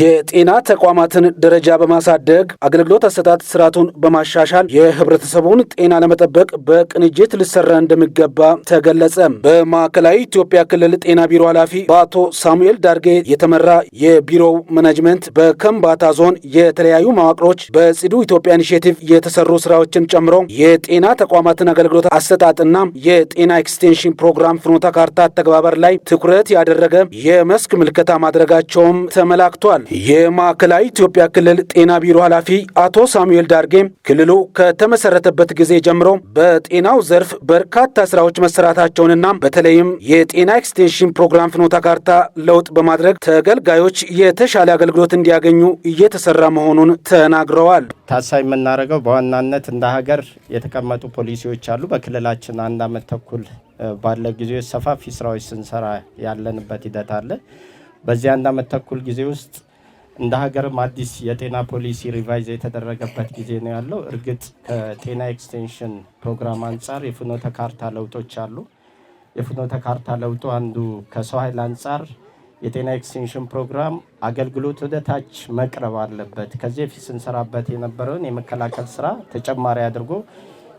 የጤና ተቋማትን ደረጃ በማሳደግ አገልግሎት አሰጣጥ ስርዓቱን በማሻሻል የህብረተሰቡን ጤና ለመጠበቅ በቅንጅት ሊሰራ እንደሚገባ ተገለጸ። በማዕከላዊ ኢትዮጵያ ክልል ጤና ቢሮ ኃላፊ በአቶ ሳሙኤል ዳርጌ የተመራ የቢሮው መናጅመንት በከምባታ ዞን የተለያዩ መዋቅሮች በጽዱ ኢትዮጵያ ኢኒሽቲቭ የተሰሩ ስራዎችን ጨምሮ የጤና ተቋማትን አገልግሎት አሰጣጥና የጤና ኤክስቴንሽን ፕሮግራም ፍኖተ ካርታ አተገባበር ላይ ትኩረት ያደረገ የመስክ ምልከታ ማድረጋቸውም ተመላክቷል። ተገልጿል። የማዕከላዊ ኢትዮጵያ ክልል ጤና ቢሮ ኃላፊ አቶ ሳሙኤል ዳርጌም ክልሉ ከተመሰረተበት ጊዜ ጀምሮ በጤናው ዘርፍ በርካታ ስራዎች መሰራታቸውንና በተለይም የጤና ኤክስቴንሽን ፕሮግራም ፍኖተ ካርታ ለውጥ በማድረግ ተገልጋዮች የተሻለ አገልግሎት እንዲያገኙ እየተሰራ መሆኑን ተናግረዋል። ታሳቢ የምናደርገው በዋናነት እንደ ሀገር የተቀመጡ ፖሊሲዎች አሉ። በክልላችን አንድ ዓመት ተኩል ባለ ጊዜ ሰፋፊ ስራዎች ስንሰራ ያለንበት ሂደት አለ። በዚህ አንድ አመት ተኩል ጊዜ ውስጥ እንደ ሀገርም አዲስ የጤና ፖሊሲ ሪቫይዝ የተደረገበት ጊዜ ነው ያለው። እርግጥ ከጤና ኤክስቴንሽን ፕሮግራም አንጻር የፍኖተ ካርታ ለውጦች አሉ። የፍኖተ ካርታ ለውጡ አንዱ ከሰው ኃይል አንጻር የጤና ኤክስቴንሽን ፕሮግራም አገልግሎት ወደ ታች መቅረብ አለበት። ከዚህ በፊት ስንሰራበት የነበረውን የመከላከል ስራ ተጨማሪ አድርጎ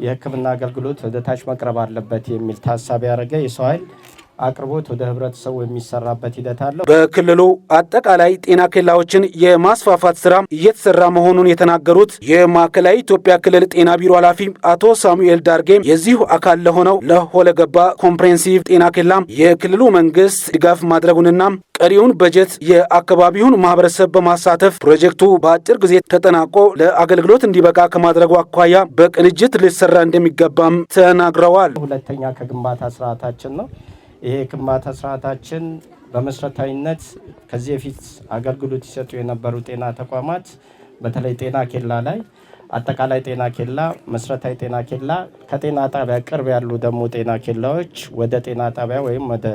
የሕክምና አገልግሎት ወደ ታች መቅረብ አለበት የሚል ታሳቢ ያደረገ የሰው ኃይል አቅርቦት ወደ ህብረተሰቡ የሚሰራበት ሂደት አለው። በክልሉ አጠቃላይ ጤና ኬላዎችን የማስፋፋት ስራ እየተሰራ መሆኑን የተናገሩት የማዕከላዊ ኢትዮጵያ ክልል ጤና ቢሮ ኃላፊ አቶ ሳሙኤል ዳርጌም የዚሁ አካል ለሆነው ለሆለገባ ኮምፕሬንሲቭ ጤና ኬላ የክልሉ መንግስት ድጋፍ ማድረጉንና ቀሪውን በጀት የአካባቢውን ማህበረሰብ በማሳተፍ ፕሮጀክቱ በአጭር ጊዜ ተጠናቆ ለአገልግሎት እንዲበቃ ከማድረጉ አኳያ በቅንጅት ሊሰራ እንደሚገባም ተናግረዋል። ሁለተኛ ከግንባታ ስርዓታችን ነው ይሄ ክማተ ስርዓታችን በመሰረታዊነት ከዚህ በፊት አገልግሎት ሲሰጡ የነበሩ ጤና ተቋማት በተለይ ጤና ኬላ ላይ አጠቃላይ ጤና ኬላ፣ መሰረታዊ ጤና ኬላ፣ ከጤና ጣቢያ ቅርብ ያሉ ደግሞ ጤና ኬላዎች ወደ ጤና ጣቢያ ወይም ወደ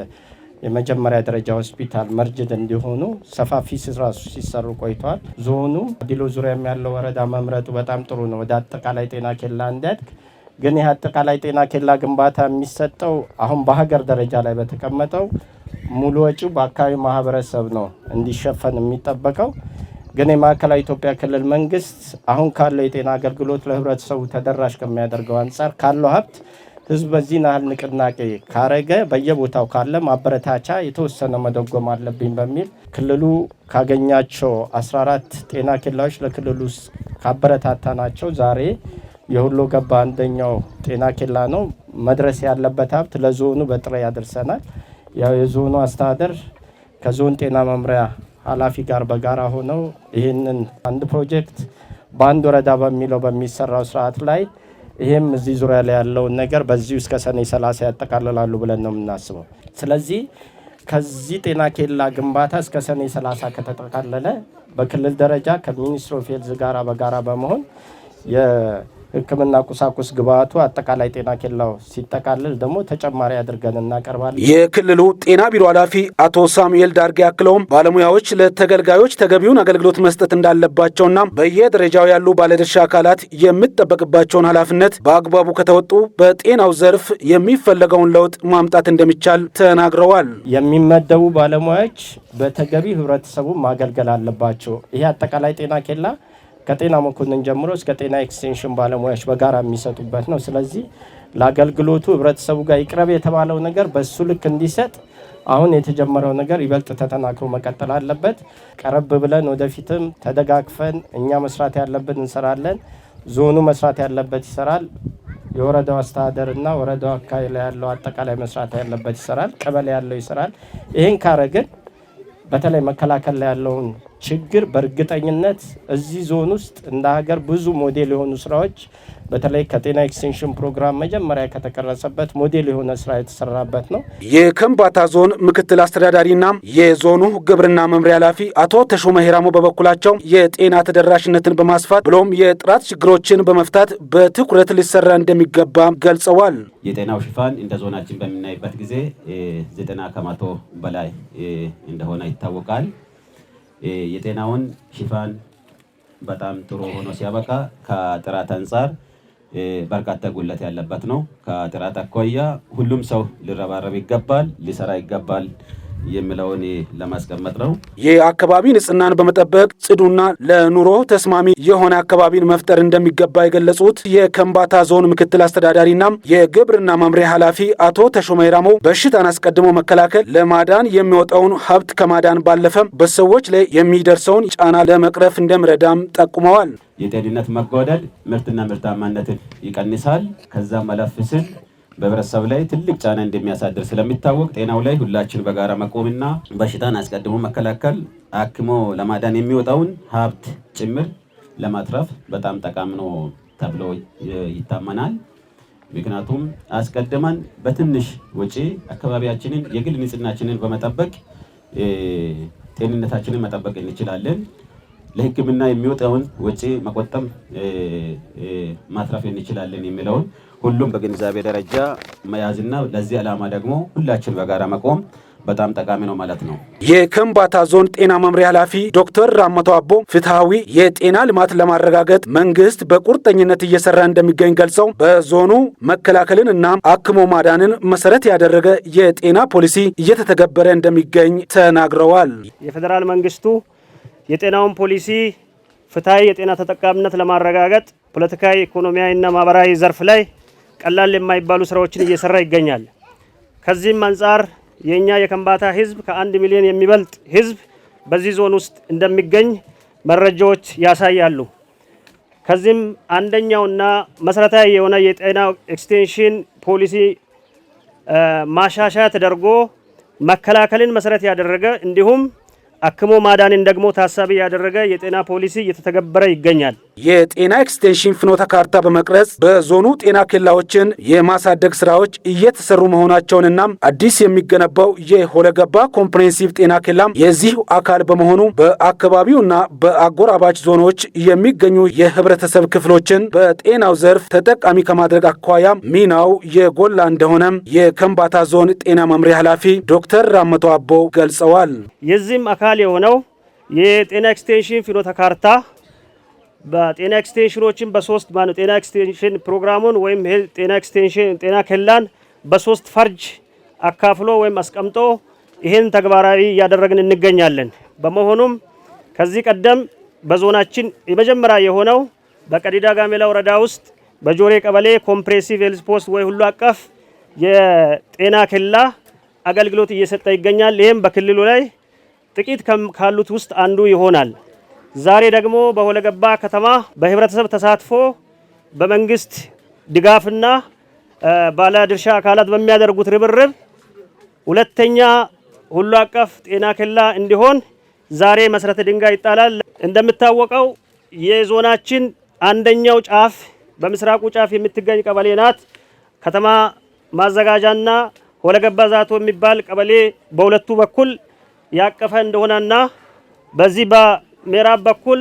የመጀመሪያ ደረጃ ሆስፒታል መርጅድ እንዲሆኑ ሰፋፊ ስራ ሲሰሩ ቆይተዋል። ዞኑ ዲሎ ዙሪያም ያለው ወረዳ መምረጡ በጣም ጥሩ ነው። ወደ አጠቃላይ ጤና ኬላ እንዲያድግ ግን ይህ አጠቃላይ ጤና ኬላ ግንባታ የሚሰጠው አሁን በሀገር ደረጃ ላይ በተቀመጠው ሙሉ ወጪው በአካባቢ ማህበረሰብ ነው እንዲሸፈን የሚጠበቀው። ግን የማዕከላዊ ኢትዮጵያ ክልል መንግስት አሁን ካለው የጤና አገልግሎት ለህብረተሰቡ ተደራሽ ከሚያደርገው አንጻር ካለው ሀብት ህዝብ በዚህ ናህል ንቅናቄ ካረገ በየቦታው ካለ ማበረታቻ የተወሰነ መደጎም አለብኝ በሚል ክልሉ ካገኛቸው 14 ጤና ኬላዎች ለክልሉ ውስጥ ካበረታታ ናቸው ዛሬ የሁሉ ገባ አንደኛው ጤና ኬላ ነው። መድረስ ያለበት ሀብት ለዞኑ በጥሬ ያደርሰናል። ያው የዞኑ አስተዳደር ከዞን ጤና መምሪያ ኃላፊ ጋር በጋራ ሆነው ይህንን አንድ ፕሮጀክት በአንድ ወረዳ በሚለው በሚሰራው ስርዓት ላይ ይህም እዚህ ዙሪያ ላይ ያለውን ነገር በዚህ እስከ ሰኔ 30 ያጠቃልላሉ ብለን ነው የምናስበው። ስለዚህ ከዚህ ጤና ኬላ ግንባታ እስከ ሰኔ 30 ከተጠቃለለ በክልል ደረጃ ከሚኒስትር ፌልዝ ጋራ በጋራ በመሆን ህክምና ቁሳቁስ ግብአቱ አጠቃላይ ጤና ኬላው ሲጠቃልል ደግሞ ተጨማሪ አድርገን እናቀርባለን። የክልሉ ጤና ቢሮ ኃላፊ አቶ ሳሙኤል ዳርጌ አክለውም ባለሙያዎች ለተገልጋዮች ተገቢውን አገልግሎት መስጠት እንዳለባቸውና በየደረጃው ያሉ ባለድርሻ አካላት የሚጠበቅባቸውን ኃላፊነት በአግባቡ ከተወጡ በጤናው ዘርፍ የሚፈለገውን ለውጥ ማምጣት እንደሚቻል ተናግረዋል። የሚመደቡ ባለሙያዎች በተገቢ ህብረተሰቡ ማገልገል አለባቸው። ይሄ አጠቃላይ ጤና ኬላ ከጤና መኮንን ጀምሮ እስከ ጤና ኤክስቴንሽን ባለሙያዎች በጋራ የሚሰጡበት ነው። ስለዚህ ለአገልግሎቱ ህብረተሰቡ ጋር ይቅረብ የተባለው ነገር በሱ ልክ እንዲሰጥ አሁን የተጀመረው ነገር ይበልጥ ተጠናክሮ መቀጠል አለበት። ቀረብ ብለን ወደፊትም ተደጋግፈን እኛ መስራት ያለብን እንሰራለን። ዞኑ መስራት ያለበት ይሰራል። የወረዳው አስተዳደርና ወረዳው አካባቢ ላይ ያለው አጠቃላይ መስራት ያለበት ይሰራል። ቀበሌ ያለው ይሰራል። ይህን ካረግን በተለይ መከላከል ላይ ያለውን ችግር በእርግጠኝነት እዚህ ዞን ውስጥ እንደ ሀገር ብዙ ሞዴል የሆኑ ስራዎች በተለይ ከጤና ኤክስቴንሽን ፕሮግራም መጀመሪያ ከተቀረጸበት ሞዴል የሆነ ስራ የተሰራበት ነው። የከምባታ ዞን ምክትል አስተዳዳሪና የዞኑ ግብርና መምሪያ ኃላፊ አቶ ተሾመ ሄራሞ በበኩላቸው የጤና ተደራሽነትን በማስፋት ብሎም የጥራት ችግሮችን በመፍታት በትኩረት ሊሰራ እንደሚገባ ገልጸዋል። የጤናው ሽፋን እንደ ዞናችን በምናይበት ጊዜ ዘጠና ከመቶ በላይ እንደሆነ ይታወቃል። የጤናውን ሽፋን በጣም ጥሩ ሆኖ ሲያበቃ ከጥራት አንጻር በርካታ ጉለት ያለበት ነው። ከጥራት አኳያ ሁሉም ሰው ሊረባረብ ይገባል፣ ሊሰራ ይገባል። የሚለውን ለማስቀመጥ ነው። የአካባቢ ንጽህናን በመጠበቅ ጽዱና ለኑሮ ተስማሚ የሆነ አካባቢን መፍጠር እንደሚገባ የገለጹት የከምባታ ዞን ምክትል አስተዳዳሪና የግብርና መምሪያ ኃላፊ አቶ ተሾመ በሽታን አስቀድሞ መከላከል ለማዳን የሚወጣውን ሀብት ከማዳን ባለፈ በሰዎች ላይ የሚደርሰውን ጫና ለመቅረፍ እንደሚረዳም ጠቁመዋል። የጤንነት መጓደል ምርትና ምርታማነትን ይቀንሳል። ከዛ መለፍ ስል በህብረተሰብ ላይ ትልቅ ጫና እንደሚያሳድር ስለሚታወቅ ጤናው ላይ ሁላችን በጋራ መቆምና በሽታን አስቀድሞ መከላከል አክሞ ለማዳን የሚወጣውን ሀብት ጭምር ለማትረፍ በጣም ጠቃሚ ነው ተብሎ ይታመናል። ምክንያቱም አስቀድመን በትንሽ ወጪ አካባቢያችንን የግል ንጽህናችንን በመጠበቅ ጤንነታችንን መጠበቅ እንችላለን። ለሕክምና የሚወጣውን ወጪ መቆጠም ማትረፍ እንችላለን የሚለውን ሁሉም በግንዛቤ ደረጃ መያዝና ለዚህ ዓላማ ደግሞ ሁላችን በጋራ መቆም በጣም ጠቃሚ ነው ማለት ነው። የከምባታ ዞን ጤና መምሪያ ኃላፊ ዶክተር ራመቶ አቦ ፍትሐዊ የጤና ልማት ለማረጋገጥ መንግስት በቁርጠኝነት እየሰራ እንደሚገኝ ገልጸው በዞኑ መከላከልን እና አክሞ ማዳንን መሰረት ያደረገ የጤና ፖሊሲ እየተተገበረ እንደሚገኝ ተናግረዋል። የፌዴራል መንግስቱ የጤናውን ፖሊሲ ፍትሐዊ የጤና ተጠቃሚነት ለማረጋገጥ ፖለቲካዊ፣ ኢኮኖሚያዊ እና ማህበራዊ ዘርፍ ላይ ቀላል የማይባሉ ስራዎችን እየሰራ ይገኛል። ከዚህም አንጻር የእኛ የከምባታ ህዝብ ከአንድ ሚሊዮን የሚበልጥ ህዝብ በዚህ ዞን ውስጥ እንደሚገኝ መረጃዎች ያሳያሉ። ከዚህም አንደኛውና መሰረታዊ የሆነ የጤና ኤክስቴንሽን ፖሊሲ ማሻሻያ ተደርጎ መከላከልን መሰረት ያደረገ እንዲሁም አክሞ ማዳንን ደግሞ ታሳቢ ያደረገ የጤና ፖሊሲ እየተተገበረ ይገኛል። የጤና ኤክስቴንሽን ፍኖተ ካርታ በመቅረጽ በዞኑ ጤና ኬላዎችን የማሳደግ ስራዎች እየተሰሩ መሆናቸውንና አዲስ የሚገነባው የሆለገባ ኮምፕሬንሲቭ ጤና ኬላም የዚህ አካል በመሆኑ በአካባቢውና በአጎራባች ዞኖች የሚገኙ የህብረተሰብ ክፍሎችን በጤናው ዘርፍ ተጠቃሚ ከማድረግ አኳያ ሚናው የጎላ እንደሆነም የከምባታ ዞን ጤና መምሪያ ኃላፊ ዶክተር ራመቶ አቦ ገልጸዋል። የዚህም አካል የሆነው የጤና ኤክስቴንሽን ፍኖተ ካርታ በጤና ኤክስቴንሽኖችን በሶስት ማለት ጤና ኤክስቴንሽን ፕሮግራሙን ወይም ጤና ኤክስቴንሽን ጤና ኬላን በሶስት ፈርጅ አካፍሎ ወይም አስቀምጦ ይህን ተግባራዊ እያደረግን እንገኛለን። በመሆኑም ከዚህ ቀደም በዞናችን የመጀመሪያ የሆነው በቀዲዳ ጋሜላ ወረዳ ውስጥ በጆሬ ቀበሌ ኮምፕሬሲቭ ሄልዝ ፖስት ወይ ሁሉ አቀፍ የጤና ኬላ አገልግሎት እየሰጠ ይገኛል። ይህም በክልሉ ላይ ጥቂት ካሉት ውስጥ አንዱ ይሆናል። ዛሬ ደግሞ በሆለገባ ከተማ በህብረተሰብ ተሳትፎ በመንግስት ድጋፍና ባለድርሻ አካላት በሚያደርጉት ርብርብ ሁለተኛ ሁሉ አቀፍ ጤና ኬላ እንዲሆን ዛሬ መሰረተ ድንጋይ ይጣላል። እንደሚታወቀው የዞናችን አንደኛው ጫፍ በምስራቁ ጫፍ የምትገኝ ቀበሌ ናት። ከተማ ማዘጋጃና ሆለገባ ዛቶ የሚባል ቀበሌ በሁለቱ በኩል ያቀፈ እንደሆነና በዚህ ምዕራብ በኩል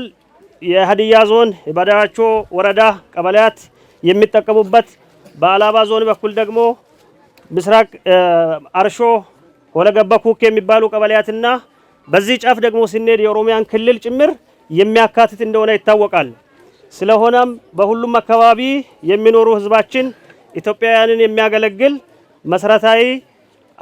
የሀዲያ ዞን የባዳዋቾ ወረዳ ቀበሌያት የሚጠቀሙበት በአላባ ዞን በኩል ደግሞ ምስራቅ አርሾ ወለገባ ኩክ የሚባሉ ቀበሌያትና በዚህ ጫፍ ደግሞ ስንሄድ የኦሮሚያን ክልል ጭምር የሚያካትት እንደሆነ ይታወቃል። ስለሆነም በሁሉም አካባቢ የሚኖሩ ህዝባችን ኢትዮጵያውያንን የሚያገለግል መሰረታዊ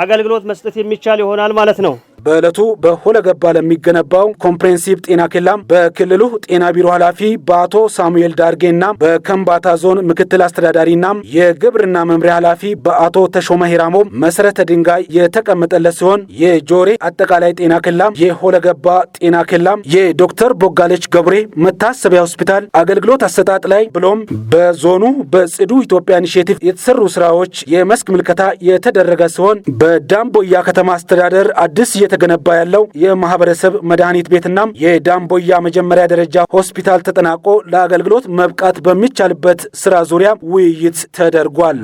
አገልግሎት መስጠት የሚቻል ይሆናል ማለት ነው። በዕለቱ በሁለገባ ለሚገነባው ኮምፕሬንሲቭ ጤና ኬላም በክልሉ ጤና ቢሮ ኃላፊ በአቶ ሳሙኤል ዳርጌና በከምባታ ዞን ምክትል አስተዳዳሪና የግብርና መምሪያ ኃላፊ በአቶ ተሾመ ሄራሞ መሰረተ ድንጋይ የተቀመጠለት ሲሆን የጆሬ አጠቃላይ ጤና ኬላም ገባ ጤና ኬላም የዶክተር ቦጋለች ገብሬ መታሰቢያ ሆስፒታል አገልግሎት አሰጣጥ ላይ ብሎም በዞኑ በጽዱ ኢትዮጵያ ኢኒሽቲቭ የተሰሩ ስራዎች የመስክ ምልከታ የተደረገ ሲሆን በዳምቦያ ከተማ አስተዳደር አዲስ እየተገነባ ያለው የማህበረሰብ መድኃኒት ቤትና የዳምቦያ መጀመሪያ ደረጃ ሆስፒታል ተጠናቆ ለአገልግሎት መብቃት በሚቻልበት ስራ ዙሪያ ውይይት ተደርጓል።